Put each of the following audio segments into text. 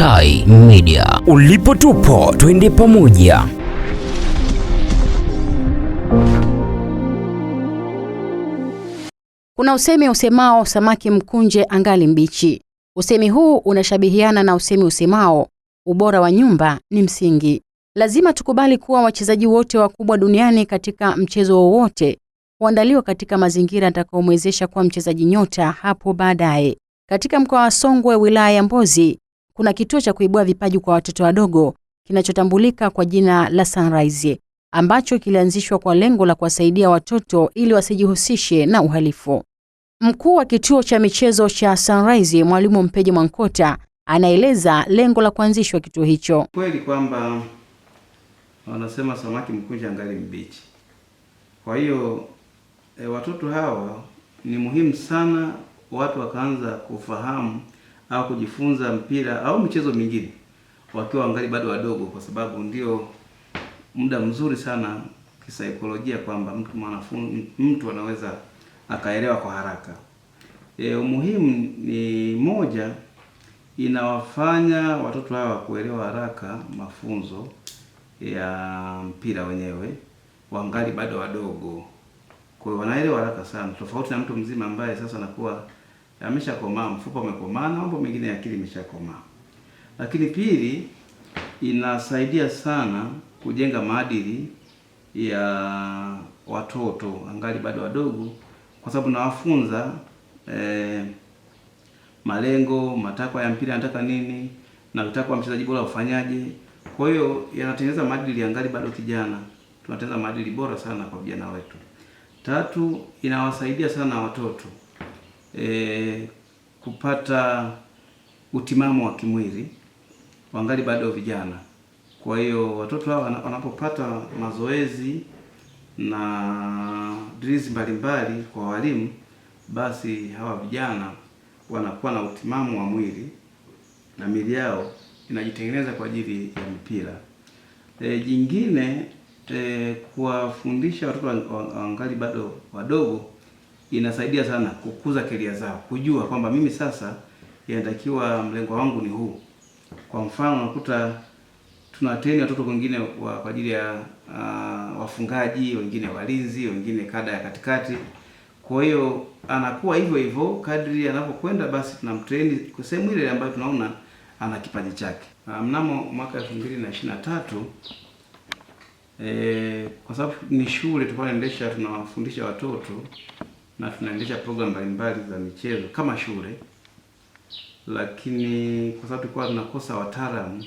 Tai Media. Ulipo tupo, twende pamoja. Kuna usemi usemao samaki mkunje angali mbichi. Usemi huu unashabihiana na usemi usemao ubora wa nyumba ni msingi. Lazima tukubali kuwa wachezaji wote wakubwa duniani katika mchezo wowote huandaliwa katika mazingira atakayomwezesha kuwa mchezaji nyota hapo baadaye. Katika mkoa wa Songwe, wilaya ya Mbozi, kuna kituo cha kuibua vipaji kwa watoto wadogo kinachotambulika kwa jina la Sunrise ambacho kilianzishwa kwa lengo la kuwasaidia watoto ili wasijihusishe na uhalifu. Mkuu wa kituo cha michezo cha Sunrise, Mwalimu Mpeje Mwankota, anaeleza lengo la kuanzishwa kituo hicho. Kweli kwamba wanasema samaki mkunja angali mbichi. Kwa hiyo e, watoto hawa ni muhimu sana watu wakaanza kufahamu au kujifunza mpira au michezo mingine wakiwa wangali bado wadogo, kwa sababu ndio muda mzuri sana kisaikolojia kwamba mtu mwanafunzi, mtu anaweza akaelewa kwa haraka. E, umuhimu ni moja, inawafanya watoto hawa kuelewa haraka mafunzo ya mpira wenyewe wangali bado wadogo, kwa hiyo wanaelewa haraka sana, tofauti na mtu mzima ambaye sasa anakuwa ameshakomaa, mfupa umekomaa na mambo mengine ya akili imeshakomaa. Lakini pili, inasaidia sana kujenga maadili ya watoto angali bado wadogo, kwa sababu nawafunza eh, malengo, matakwa ya mpira, anataka nini na utakwa mchezaji bora ufanyaje. Kwa hiyo yanatengeneza maadili angali bado kijana, tunatengeneza maadili bora sana kwa vijana wetu. Tatu, inawasaidia sana watoto e, kupata utimamu wa kimwili wangali bado vijana. Kwa hiyo watoto hawa wanapopata mazoezi na drills mbalimbali kwa walimu, basi hawa vijana wanakuwa na utimamu wa mwili na miili yao inajitengeneza kwa ajili ya mpira E, jingine e, kuwafundisha watoto wangali bado wadogo inasaidia sana kukuza keria zao, kujua kwamba mimi sasa inatakiwa mlengo wangu ni huu. Kwa mfano unakuta tunateni watoto wengine kwa ajili ya uh, wafungaji, wengine walinzi, wengine kada ya katikati. Kwa hiyo anakuwa hivyo hivyo kadri anapokwenda, basi tunamtreni kwa sehemu ile ambayo tunaona ana kipaji chake. Ah, mnamo mwaka 2023 eh, kwa sababu ni shule tulikuwa tunaendesha, tunawafundisha watoto na tunaendesha program mbalimbali za michezo kama shule, lakini kwa sababu tulikuwa tunakosa wataalamu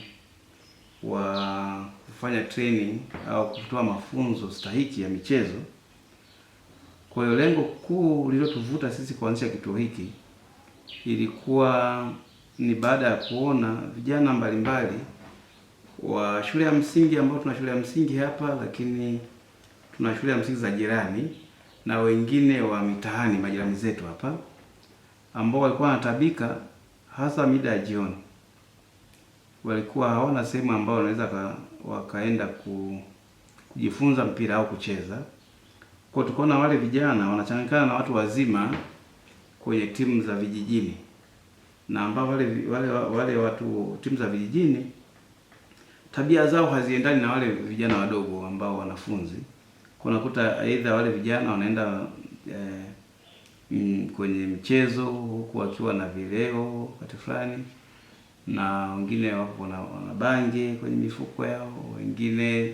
wa kufanya training au kutoa mafunzo stahiki ya michezo. Kwa hiyo lengo kuu lililotuvuta sisi kuanzisha kituo hiki ilikuwa ni baada ya kuona vijana mbalimbali wa shule ya msingi ambao tuna shule ya msingi hapa, lakini tuna shule ya msingi za jirani na wengine wa mitaani, majirani zetu hapa ambao walikuwa wanatabika hasa mida ya jioni, walikuwa hawana sehemu ambayo wanaweza wakaenda kujifunza mpira au kucheza. Kwa tukaona wale vijana wanachanganyikana na watu wazima kwenye timu za vijijini, na ambao wale, wale, wale watu timu za vijijini tabia zao haziendani na wale vijana wadogo ambao wanafunzi unakuta aidha wale vijana wanaenda eh, m, kwenye michezo huku wakiwa na vileo wakati fulani, na wengine wapo na bange kwenye mifuko yao, wengine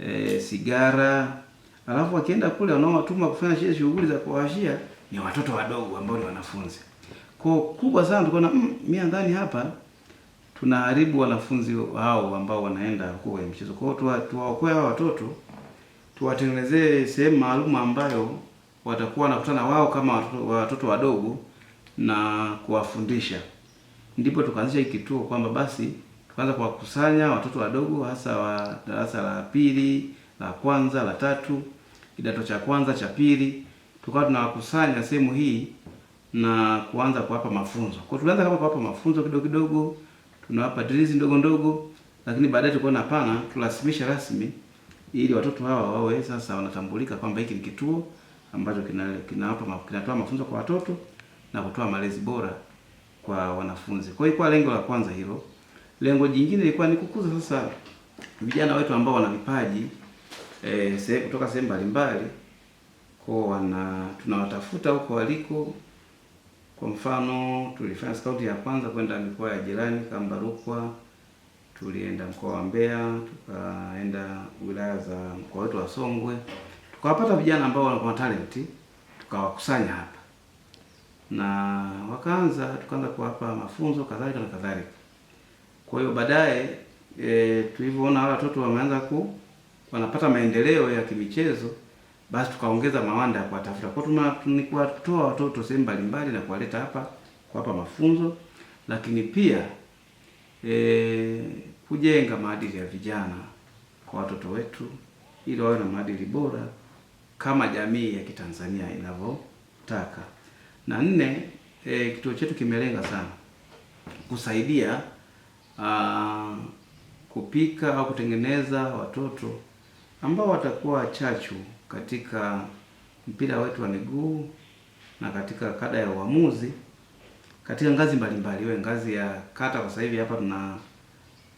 eh, sigara. Alafu wakienda kule wanaowatuma kufanya zile shughuli za kuwashia ni watoto wadogo ambao ni wanafunzi. Kwa kubwa sana tulikuwa na mm, mimi nadhani hapa tunaharibu wanafunzi hao ambao wanaenda huko kwenye michezo. Kwa hiyo tuwaokoe hao watoto tuwatengenezee sehemu maalum ambayo watakuwa wanakutana wao kama watoto wadogo na kuwafundisha. Ndipo tukaanzisha hiki kituo kwamba basi tukaanza kuwakusanya watoto wadogo hasa wa darasa la pili, la kwanza, la tatu, kidato cha kwanza, cha pili, tukawa tunawakusanya sehemu hii na kuanza kuwapa mafunzo. Kwa tulianza kama kuwapa mafunzo kidogo kidogo, tunawapa drizi ndogo ndogo, lakini baadaye tulikuwa pana tulasimisha rasmi ili watoto hawa wawe sasa wanatambulika kwamba hiki ni kituo ambacho kinawapa kina kinatoa mafunzo kwa watoto na kutoa malezi bora kwa wanafunzi. Kwa hiyo kwa lengo la kwanza hilo. Lengo jingine ilikuwa ni kukuza sasa vijana wetu ambao wana vipaji e, se, kutoka sehemu mbalimbali kwa wana tunawatafuta huko waliko. Kwa mfano tulifanya scout ya kwanza kwenda mikoa ya jirani kama Rukwa, tulienda mkoa wa Mbeya, tukaenda wilaya za mkoa wetu wa Songwe, tukawapata vijana ambao wana talenti, tukawakusanya hapa na wakaanza, tukaanza kuwapa mafunzo kadhalika na kadhalika. Kwa hiyo baadaye e, tulivyoona wale watoto wameanza ku wanapata maendeleo ya kimichezo, basi tukaongeza mawanda ya kuwatafuta kwa, ni kuwatoa watoto sehemu mbalimbali na kuwaleta hapa kuwapa mafunzo, lakini pia e, kujenga maadili ya vijana kwa watoto wetu ili wawe na maadili bora kama jamii ya Kitanzania inavyotaka. Na nne, e, kituo chetu kimelenga sana kusaidia a, kupika au kutengeneza watoto ambao watakuwa chachu katika mpira wetu wa miguu na katika kada ya uamuzi katika ngazi mbalimbali, iwe ngazi ya kata. Kwa sasa hivi hapa tuna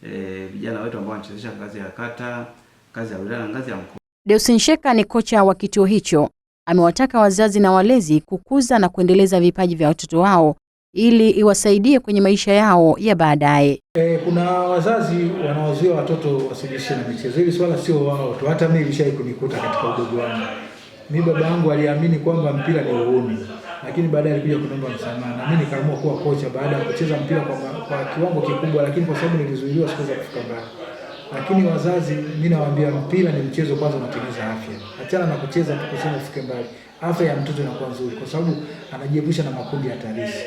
e, vijana wetu ambao wanachezesha ngazi ya kata, ngazi ya wilaya na ngazi ya mkoa. Deusin Sheka ni kocha wa kituo hicho, amewataka wazazi na walezi kukuza na kuendeleza vipaji vya watoto wao ili iwasaidie kwenye maisha yao ya baadaye. E, kuna wazazi wanawazuia watoto wasijishe na michezo. Hili swala sio wao tu, hata mimi ilishai kunikuta katika udogo wangu. Mimi baba yangu aliamini kwamba mpira ni uhuni lakini baadaye alikuja kuniomba msamaha, na mimi nikaamua kuwa kocha baada ya kucheza mpira kwa, kwa kiwango kikubwa, lakini kwa sababu nilizuiliwa sikuweza kufika mbali. Lakini wazazi, mimi nawaambia mpira ni mchezo, kwanza unatengeneza afya. Achana na kucheza tu kusema ufike mbali, afya ya mtoto inakuwa nzuri, kwa sababu anajiepusha na makundi hatarishi.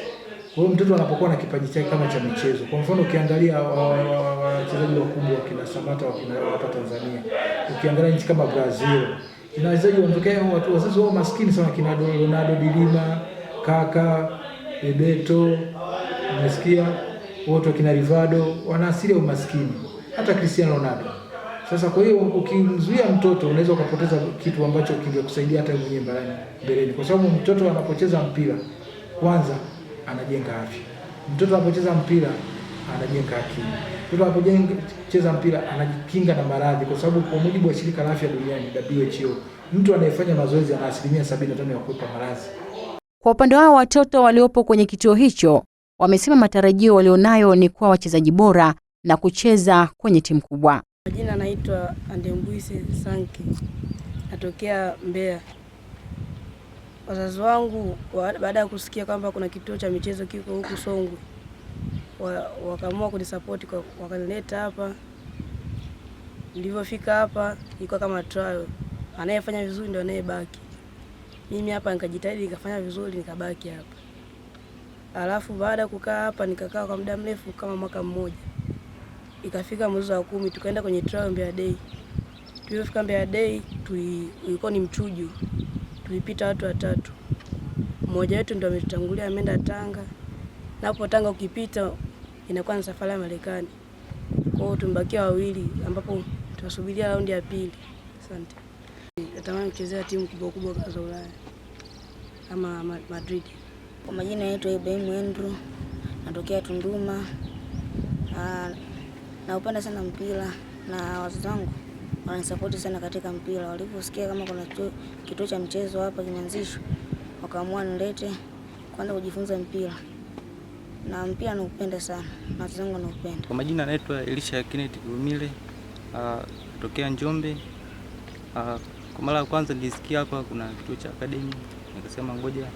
Kwa hiyo mtoto anapokuwa na kipaji chake kama cha michezo, kwa mfano ukiangalia wachezaji wakubwa wa, kina Samata wa kina hapa Tanzania, ukiangalia nchi kama Brazil Inawezaje wanatokea hao watu wazazi wao maskini sana, kina Ronaldo Dilima, Kaka, Bebeto, nasikia wote wakina Rivaldo wana asili ya umaskini, hata Cristiano Ronaldo. Sasa kwa hiyo ukimzuia mtoto unaweza ukapoteza kitu ambacho kingekusaidia hata mwenyewe barani mbeleni, kwa sababu mtoto anapocheza mpira kwanza anajenga afya. Mtoto anapocheza mpira anajenga akili. Mtoto anapocheza mpira anajikinga na maradhi, kwa sababu kwa mujibu wa shirika la afya duniani WHO, mtu anayefanya mazoezi ana asilimia 75 ya kuepuka maradhi. Kwa upande wao, watoto waliopo kwenye kituo hicho wamesema matarajio walionayo ni kuwa wachezaji bora na kucheza kwenye timu kubwa. Majina anaitwa Andembuise Sanki, natokea Mbeya. Wazazi wangu baada ya kusikia kwamba kuna kituo cha michezo kiko huku Songwe wakaamua kunisapoti, wakanileta hapa. Nilivyofika hapa ilikuwa kama trial, anayefanya vizuri ndio anayebaki. Mimi hapa nikajitahidi, nikafanya vizuri, nikabaki hapa. Alafu baada ya kukaa hapa nikakaa kwa muda mrefu kama mwaka mmoja, ikafika mwezi wa kumi tukaenda kwenye trial Mbeya Day. Tulivyofika Mbeya Day tulikuwa ni mchujo, tulipita watu watatu, mmoja wetu ndio ametutangulia ameenda Tanga, napo Tanga ukipita inakuwa na safari ya Marekani. Kwa hiyo tumebakia wawili ambapo tunasubiria raundi ya pili. Asante. Natamani kuchezea timu kubwa kubwa za Ulaya kama Madrid. Kwa majina yetu Ibrahim Endro natokea Tunduma. Naupenda sana mpira na wazazi wangu wananisapoti sana katika mpira. Waliposikia kama kuna kituo cha mchezo hapa kimeanzishwa, wakaamua nilete kwenda kujifunza mpira na mpira naupenda sana, mazoezi yangu naupenda. Kwa majina anaitwa Elisha Kenneth Gumile, ah, kutokea uh, Njombe. Uh, kwa mara ya kwanza nilisikia hapa kuna kituo cha academy, nikasema ngoja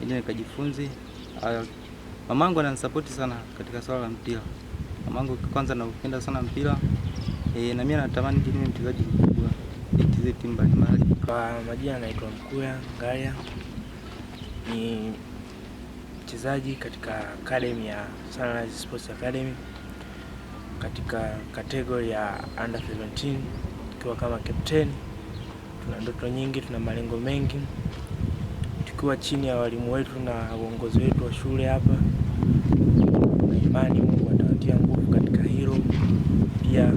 nije nikajifunze. Uh, mamangu ananisapoti sana katika swala la mpira. Mamangu kwanza naupenda sana mpira e, na mimi natamani jini mchezaji mkubwa nicheze timu mbalimbali. Kwa majina anaitwa Mkuya Ngaya ni wachezaji katika academy ya Sunrise Sports Academy katika kategori ya under 17 tukiwa kama captain. Tuna ndoto nyingi, tuna malengo mengi, tukiwa chini ya walimu wetu na uongozi wetu wa shule hapa. Imani Mungu atawatia nguvu katika hilo pia.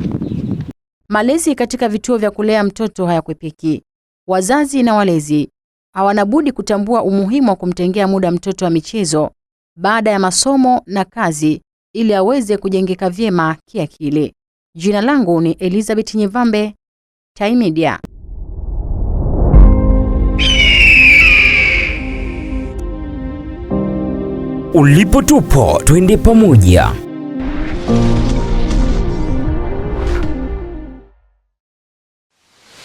Malezi katika vituo vya kulea mtoto hayakwepeki. Wazazi na walezi hawana budi kutambua umuhimu wa kumtengea muda mtoto wa michezo baada ya masomo na kazi ili aweze kujengeka vyema kiakili. Jina langu ni Elizabeth Nyevambe, Time Media. Ulipo tupo, twende pamoja.